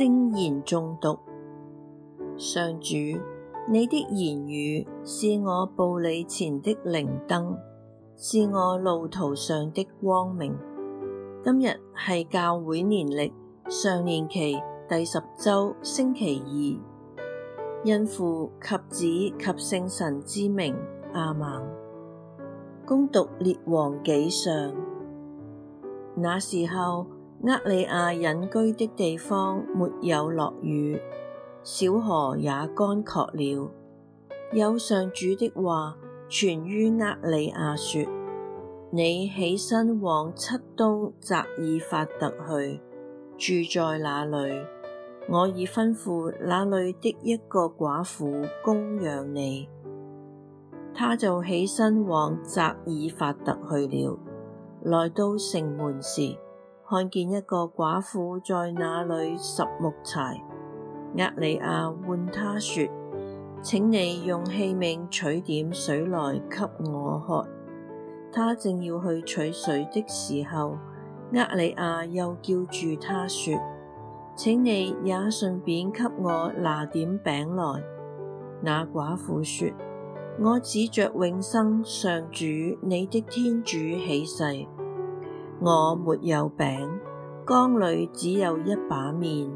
聖言誦讀。上主，你的言語是我步履前的靈燈，是我路途上的光明。今日係教會年曆上常年期第十周星期二，因父及子及聖神之名阿門。恭讀列王紀上，那時候。厄里亞隱居的地方沒有落雨，小河也乾涸了。有上主的話傳於厄里亞說：你起身往漆冬匝爾法特去，住在那裏，我已吩咐那裏的一個寡婦供養你。他就起身往匝爾法特去了。來到城門時，看見一個寡婦在那裏拾木柴，厄里亞喚他說：請你用器皿取點水來給我喝。他正要去取水的時候，厄里亞又叫住他說：請你也順便給我拿點餅來。那寡婦說：我指着永生上主你的天主起誓。我沒有餅，缸裏只有一把麵，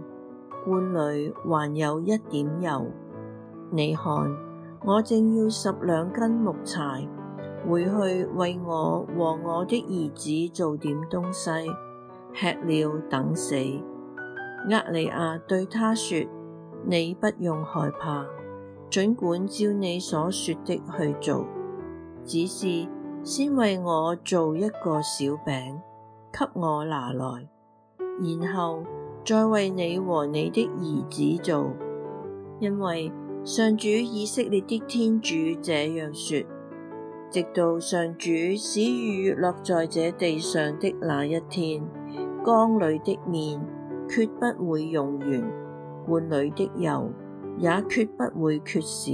罐裏還有一點油。你看，我正要拾兩根木柴，回去為我和我的兒子做點東西，吃了等死。厄里亞對她說：你不用害怕，盡管照你所說的去做，只是先為我做一個小餅。給我拿來，然後再為你和你的兒子做，因為上主以色列的天主這樣說：直到上主使雨落在這地上的那一天，缸裏的麵決不會用完，罐裏的油也決不會缺少。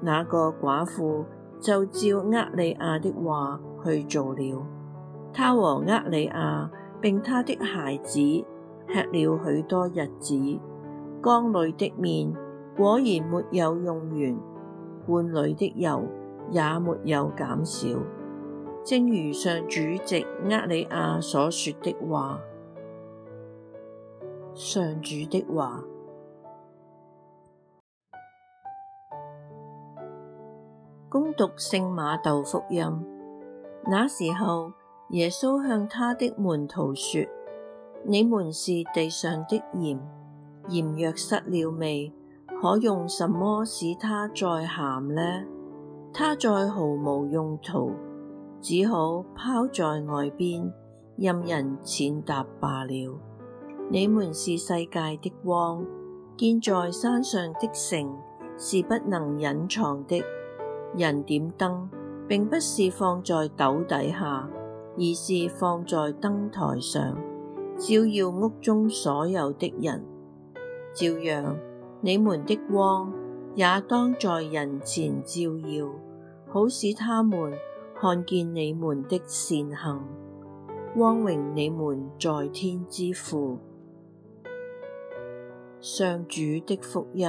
那個寡婦就照厄里亞的話去做了。他和厄里亞並他的孩子吃了許多日子，缸裏的麵果然沒有用完，罐裏的油也沒有減少，正如上主藉厄里亞所說的話。上主的話。恭讀聖瑪竇福音。那時候。耶穌向他的門徒說：你們是地上的鹽，鹽若失了味，可用什麼使它再鹹呢？它再毫無用途，只好拋在外邊，任人踐踏罷了。你們是世界的光，建在山上的城是不能隱藏的。人點燈，並不是放在斗底下。而是放在燈台上，照耀屋中所有的人。照樣，你們的光也當在人前照耀，好使他們看見你們的善行，光榮你們在天之父。上主的福音。